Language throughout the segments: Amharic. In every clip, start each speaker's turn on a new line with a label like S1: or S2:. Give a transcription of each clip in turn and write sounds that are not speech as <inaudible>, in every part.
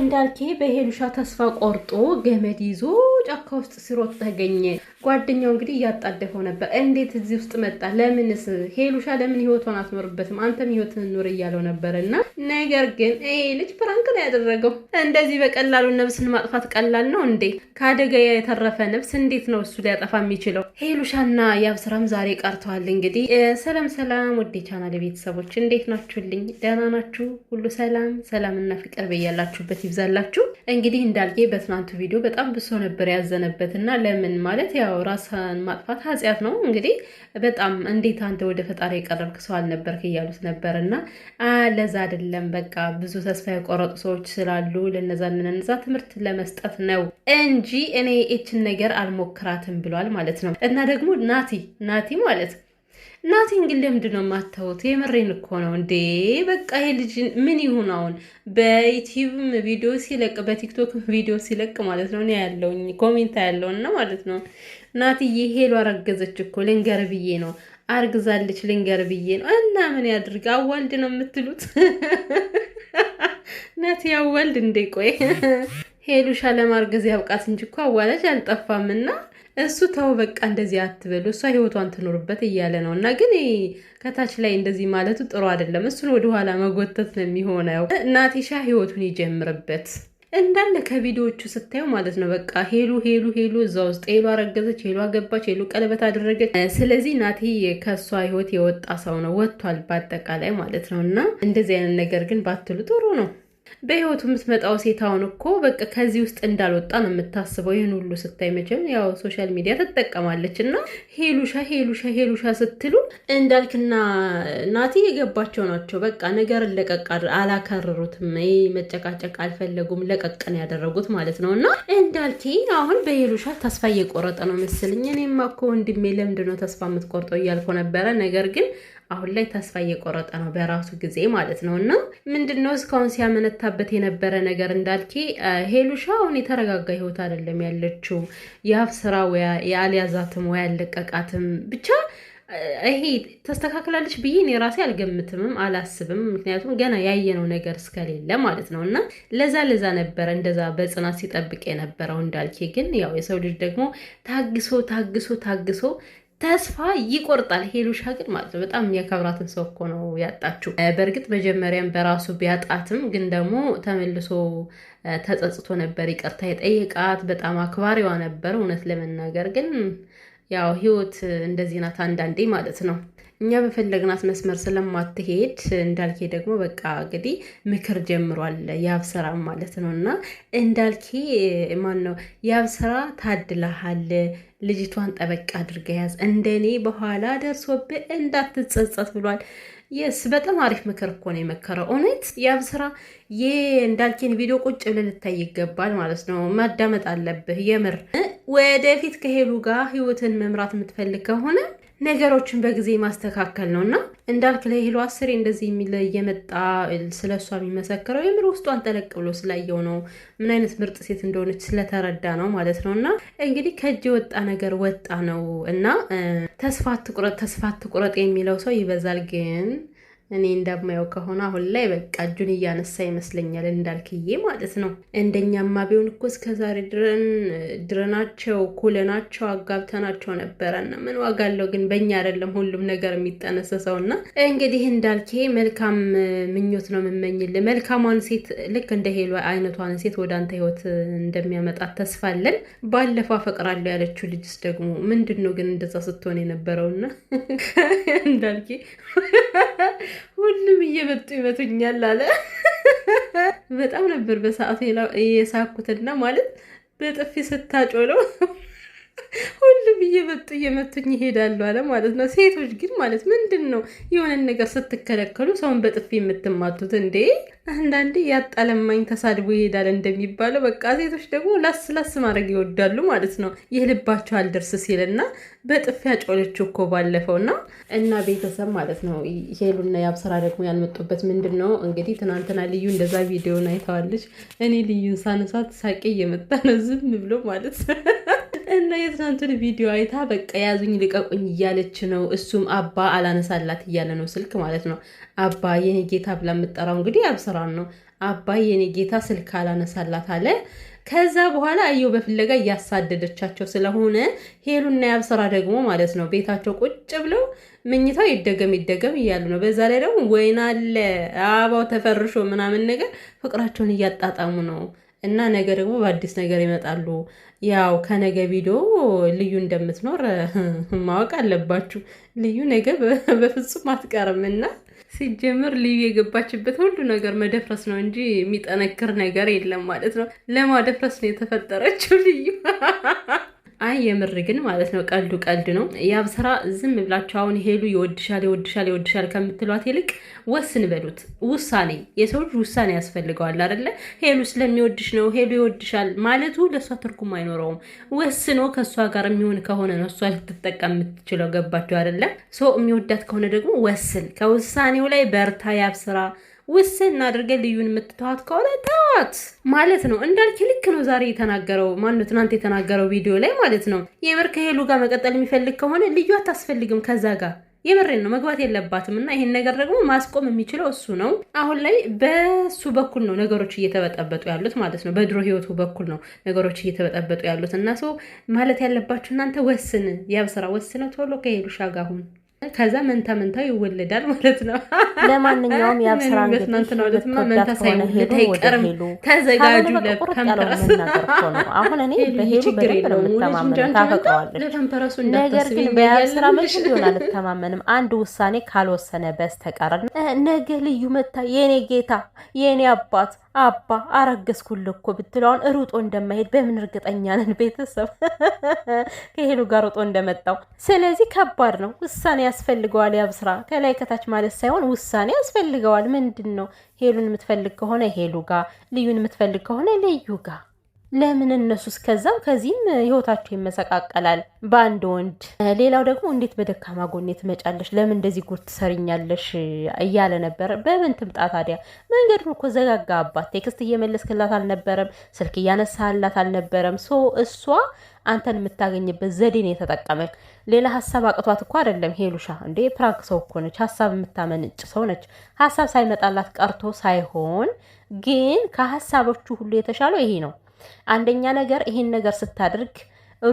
S1: እንዳልኬ በሄሉሻ ተስፋ ቆርጦ ገመድ ይዞ ጫካ ውስጥ ሲሮጥ ተገኘ። ጓደኛው እንግዲህ እያጣደፈው ነበር። እንዴት እዚህ ውስጥ መጣ? ለምንስ ሄሉሻ ለምን ህይወቷን አትኖርበትም? አንተም ህይወትን ኑር እያለው ነበር እና ነገር ግን ይሄ ልጅ ፕራንክ ነው ያደረገው። እንደዚህ በቀላሉ ነብስን ማጥፋት ቀላል ነው እንዴ? ከአደጋ የተረፈ ነብስ እንዴት ነው እሱ ሊያጠፋ የሚችለው? ሄሉሻና የአብስራም ዛሬ ቀርተዋል። እንግዲህ ሰላም ሰላም፣ ውዴ ቻናል ቤተሰቦች እንዴት ናችሁልኝ? ደህና ናችሁ? ሁሉ ሰላም ሰላምና ፍቅር በያላችሁበት ይብዛላችሁ። እንግዲህ እንዳልጌ በትናንቱ ቪዲዮ በጣም ብሶ ነበር ያዘነበት እና ለምን ማለት ያው ራስን ማጥፋት ኃጢአት ነው። እንግዲህ በጣም እንዴት አንተ ወደ ፈጣሪ የቀረብክ ሰው አልነበርክ እያሉት ነበር እና ለዛ አይደለም በቃ ብዙ ተስፋ የቆረጡ ሰዎች ስላሉ ለነዛ ለነዛ ትምህርት ለመስጠት ነው እንጂ እኔ ይችን ነገር አልሞክራትም ብሏል ማለት ነው እና ደግሞ ናቲ ናቲ ማለት ናቲን ግን ለምንድን ነው የማታዩት? የምሬን እኮ ነው እንዴ! በቃ ይሄ ልጅ ምን ይሁን አሁን? በዩቲዩብም ቪዲዮ ሲለቅ በቲክቶክ ቪዲዮ ሲለቅ ማለት ነው ያለውኝ ኮሜንት ያለውን ነው ማለት ነው። ናቲዬ ሄሎ አረገዘች እኮ ልንገር ብዬ ነው አርግዛለች ልንገር ብዬ ነው። እና ምን ያድርግ? አዋልድ ነው የምትሉት? <laughs> ናቲ አዋልድ እንዴ? ቆይ <laughs> ሄሉሻ ለማርገዝ ያብቃት እንጂ እኮ አዋላጅ አልጠፋምና እሱ ተው በቃ እንደዚህ አትበሉ፣ እሷ ህይወቷን ትኖርበት እያለ ነው። እና ግን ከታች ላይ እንደዚህ ማለቱ ጥሩ አይደለም። እሱን ወደኋላ መጎተት ነው የሚሆነው። ናቲሻ ህይወቱን ይጀምርበት እንዳለ ከቪዲዮዎቹ ስታዩ ማለት ነው። በቃ ሄሉ ሄሉ ሄሉ እዛ ውስጥ ሄሉ አረገዘች፣ ሄሉ አገባች፣ ሄሉ ቀለበት አደረገች። ስለዚህ ናቲ ከእሷ ህይወት የወጣ ሰው ነው ወጥቷል፣ በአጠቃላይ ማለት ነው። እና እንደዚህ አይነት ነገር ግን ባትሉ ጥሩ ነው። በህይወቱ የምትመጣው ሴት አሁን እኮ በቃ ከዚህ ውስጥ እንዳልወጣ ነው የምታስበው። ይህን ሁሉ ስታይ መቼም ያው ሶሻል ሚዲያ ትጠቀማለች እና ሄሉሻ ሄሉሻ ሄሉሻ ስትሉ እንዳልክና ናቲ የገባቸው ናቸው። በቃ ነገር ለቀቅ አላከረሩትም፣ መጨቃጨቅ አልፈለጉም። ለቀቅን ያደረጉት ማለት ነው። እና እንዳልክ አሁን በሄሉሻ ተስፋ እየቆረጠ ነው መሰለኝ። እኔማ እኮ ወንድሜ ለምንድነው ተስፋ የምትቆርጠው እያልኩ ነበረ ነገር ግን አሁን ላይ ተስፋ እየቆረጠ ነው በራሱ ጊዜ ማለት ነው። እና ምንድን ነው እስካሁን ሲያመነታበት የነበረ ነገር እንዳልኪ ሄሉሻ አሁን የተረጋጋ ህይወት አይደለም ያለችው። የሀፍ ስራ የአልያዛትም ወይ ያለቀቃትም ብቻ ይሄ ተስተካክላለች ብዬ እኔ ራሴ አልገምትምም አላስብም። ምክንያቱም ገና ያየነው ነገር እስከሌለ ማለት ነው እና ለዛ ለዛ ነበረ እንደዛ በጽናት ሲጠብቅ የነበረው እንዳልኬ። ግን ያው የሰው ልጅ ደግሞ ታግሶ ታግሶ ታግሶ ተስፋ ይቆርጣል። ሄሉሻ ግን ማለት ነው በጣም የሚያከብራትን ሰው እኮ ነው ያጣችው። በእርግጥ መጀመሪያም በራሱ ቢያጣትም ግን ደግሞ ተመልሶ ተጸጽቶ ነበር ይቅርታ የጠየቃት። በጣም አክባሪዋ ነበር እውነት ለመናገር ግን ያው ህይወት እንደዚህ ናት አንዳንዴ ማለት ነው። እኛ በፈለግናት መስመር ስለማትሄድ እንዳልኬ ደግሞ በቃ እንግዲህ ምክር ጀምሯል ያብ ስራ ማለት ነው። እና እንዳልኬ ማን ነው ያብ ስራ ታድላሃል፣ ልጅቷን ጠበቅ አድርገ ያዝ፣ እንደኔ በኋላ ደርሶብህ እንዳትጸጸት ብሏል። የስ በጣም አሪፍ ምክር እኮ ነው የመከረው። እውነት ያም ስራ እንዳልኬን ቪዲዮ ቁጭ ብለህ ልታይ ይገባል ማለት ነው። ማዳመጥ አለብህ የምር ወደፊት ከሄሉ ጋር ህይወትን መምራት የምትፈልግ ከሆነ ነገሮችን በጊዜ ማስተካከል ነው እና እንዳልክ ለሄሎ አስሬ እንደዚህ የሚል የመጣ ስለ እሷ የሚመሰክረው የምር ውስጧን ጠለቅ ብሎ ስላየው ነው። ምን አይነት ምርጥ ሴት እንደሆነች ስለተረዳ ነው ማለት ነው። እና እንግዲህ ከእጅ የወጣ ነገር ወጣ ነው እና ተስፋ ትቁረጥ ተስፋ ትቁረጥ የሚለው ሰው ይበዛል ግን እኔ እንደማየው ከሆነ አሁን ላይ በቃ እጁን እያነሳ ይመስለኛል፣ እንዳልክዬ ማለት ነው። እንደኛማ ቢሆን እኮ እስከዛሬ ድረናቸው ኩለናቸው አጋብተናቸው ነበረና ምን ዋጋ አለው? ግን በእኛ አይደለም ሁሉም ነገር የሚጠነሰሰው። እና እንግዲህ እንዳልክዬ መልካም ምኞት ነው የምመኝል። መልካሟን ሴት ልክ እንደ ሄሎ አይነቷን ሴት ወደ አንተ ህይወት እንደሚያመጣት ተስፋ አለን። ባለፈው አፈቅራለሁ ያለችው ልጅስ ደግሞ ምንድን ነው ግን እንደዛ ስትሆን የነበረውና <laughs> እንዳልኬ ሁሉም እየመጡ ይመቱኛል አለ። በጣም ነበር በሰዓቱ የሳኩትና ማለት በጥፊ ስታጮ ነው። ሁሉም እየመጡ እየመቱኝ ይሄዳሉ አለ ማለት ነው። ሴቶች ግን ማለት ምንድን ነው የሆነን ነገር ስትከለከሉ ሰውን በጥፊ የምትማቱት እንዴ? አንዳንዴ ያጣለማኝ ተሳድቦ ይሄዳል እንደሚባለው በቃ ሴቶች ደግሞ ላስ ላስ ማድረግ ይወዳሉ ማለት ነው። ይህ ልባቸው አልደርስ ሲል ሲልና በጥፊ ጮለች እኮ ባለፈው እና እና ቤተሰብ ማለት ነው። ሄሉና የአብስራ ደግሞ ያልመጡበት ምንድን ነው እንግዲህ ትናንትና ልዩ እንደዛ ቪዲዮን አይተዋለች። እኔ ልዩን ሳነሳት ሳቄ እየመጣ ነው ዝም ብሎ ማለት ነው። እና የትናንቱን ቪዲዮ አይታ በቃ ያዙኝ ልቀቁኝ እያለች ነው። እሱም አባ አላነሳላት እያለ ነው ስልክ ማለት ነው። አባ የኔ ጌታ ብላ የምጠራው እንግዲህ አብስራን ነው። አባ የኔ ጌታ ስልክ አላነሳላት አለ። ከዛ በኋላ አየሁ በፍለጋ እያሳደደቻቸው ስለሆነ ሄሉና ያብሰራ ደግሞ ማለት ነው ቤታቸው ቁጭ ብለው ምኝታው ይደገም ይደገም እያሉ ነው። በዛ ላይ ደግሞ አለ አበባው ተፈርሾ ምናምን ነገር ፍቅራቸውን እያጣጣሙ ነው። እና ነገ ደግሞ በአዲስ ነገር ይመጣሉ። ያው ከነገ ቪዲዮ ልዩ እንደምትኖር <laughs> ማወቅ አለባችሁ። ልዩ ነገ በፍጹም አትቀርም እና ሲጀምር ልዩ የገባችበት ሁሉ ነገር መደፍረስ ነው እንጂ የሚጠነክር ነገር የለም ማለት ነው። ለማደፍረስ ነው የተፈጠረችው ልዩ <laughs> አይ የምር ግን ማለት ነው ቀልዱ ቀልድ ነው። የአብስራ ዝም ብላችሁ አሁን ሄሉ ይወድሻል ይወድሻል ይወድሻል ከምትሏት ይልቅ ወስን በሉት። ውሳኔ የሰው ልጅ ውሳኔ ያስፈልገዋል አይደለ? ሄሉ ስለሚወድሽ ነው ሄሉ ይወድሻል ማለቱ ለእሷ ትርጉም አይኖረውም። ወስኖ ከእሷ ጋር የሚሆን ከሆነ ነው እሷ ልትጠቀም የምትችለው። ገባችሁ አይደለም? ሰው የሚወዳት ከሆነ ደግሞ ወስን፣ ከውሳኔው ላይ በርታ ያብስራ ውስን አድርገን ልዩን የምትተዋት ከሆነ ተዋት ማለት ነው። እንዳልክ ልክ ነው። ዛሬ የተናገረው ማነው? ትናንት የተናገረው ቪዲዮ ላይ ማለት ነው። የምር ከሄሉ ጋር መቀጠል የሚፈልግ ከሆነ ልዩ አታስፈልግም ከዛ ጋር የምሬን ነው መግባት የለባትም። እና ይሄን ነገር ደግሞ ማስቆም የሚችለው እሱ ነው። አሁን ላይ በሱ በኩል ነው ነገሮች እየተበጠበጡ ያሉት ማለት ነው። በድሮ ህይወቱ በኩል ነው ነገሮች እየተበጠበጡ ያሉት እና ሰው ማለት ያለባችሁ እናንተ ወስን ያብ ስራ ወስነ ቶሎ ከሄሉ ሻጋሁን ከዛ መንታ መንታ ይወለዳል ማለት ነው። ለማንኛውም ያብ ስራ አሁን እኔ በሄሉ በደንብ ነው የምተማመን ታፈቀዋለች። ነገር ግን በያብ መች ሊሆን አልተማመንም፣ አንድ ውሳኔ ካልወሰነ በስተቀር ነገ ልዩ መታ የእኔ ጌታ የእኔ አባት አባ አረገዝኩል እኮ ብትለዋን ሩጦ እንደማይሄድ በምን እርግጠኛ ነን? ቤተሰብ <laughs> ከሄሉ ጋር ሩጦ እንደመጣው ስለዚህ ከባድ ነው ውሳኔ ያስፈልገዋል። ያብስራ ከላይ ከታች ማለት ሳይሆን ውሳኔ ያስፈልገዋል። ምንድን ነው ሄሉን የምትፈልግ ከሆነ ሄሉ ጋ፣ ልዩን የምትፈልግ ከሆነ ልዩ ጋ። ለምን እነሱ እስከዛም ከዚህም ህይወታቸው ይመሰቃቀላል በአንድ ወንድ። ሌላው ደግሞ እንዴት በደካማ ጎኔ ትመጫለሽ? ለምን እንደዚህ ጉድ ትሰርኛለሽ? እያለ ነበረ በምን ትምጣ ታዲያ? መንገዱን እኮ ዘጋጋ አባት። ቴክስት እየመለስክላት አልነበረም፣ ስልክ እያነሳላት አልነበረም። ሶ እሷ አንተን የምታገኝበት ዘዴን የተጠቀመች። ሌላ ሀሳብ አቅቷት እኮ አይደለም ሄሉሻ። እንዴ ፕራንክ ሰው እኮ ነች፣ ሀሳብ የምታመነጭ ሰው ነች። ሀሳብ ሳይመጣላት ቀርቶ ሳይሆን ግን ከሀሳቦቹ ሁሉ የተሻለው ይሄ ነው። አንደኛ ነገር ይሄን ነገር ስታደርግ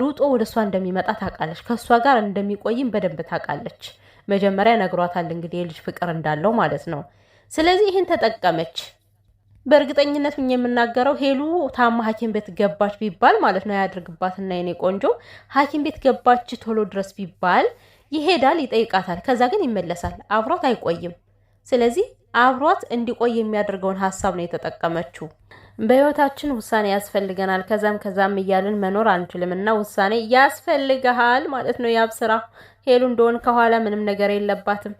S1: ሩጦ ወደ እሷ እንደሚመጣ ታውቃለች። ከእሷ ጋር እንደሚቆይም በደንብ ታውቃለች። መጀመሪያ ነግሯታል እንግዲህ የልጅ ፍቅር እንዳለው ማለት ነው። ስለዚህ ይህን ተጠቀመች። በእርግጠኝነት የምናገረው ሄሉ ታማ ሐኪም ቤት ገባች ቢባል ማለት ነው ያድርግባትና የኔ ቆንጆ ሐኪም ቤት ገባች ቶሎ ድረስ ቢባል ይሄዳል፣ ይጠይቃታል። ከዛ ግን ይመለሳል። አብሯት አይቆይም። ስለዚህ አብሯት እንዲቆይ የሚያደርገውን ሀሳብ ነው የተጠቀመችው። በህይወታችን ውሳኔ ያስፈልገናል። ከዛም ከዛም እያልን መኖር አንችልም እና ውሳኔ ያስፈልግሃል ማለት ነው። ያብስራ ሄሉ እንደሆን ከኋላ ምንም ነገር የለባትም።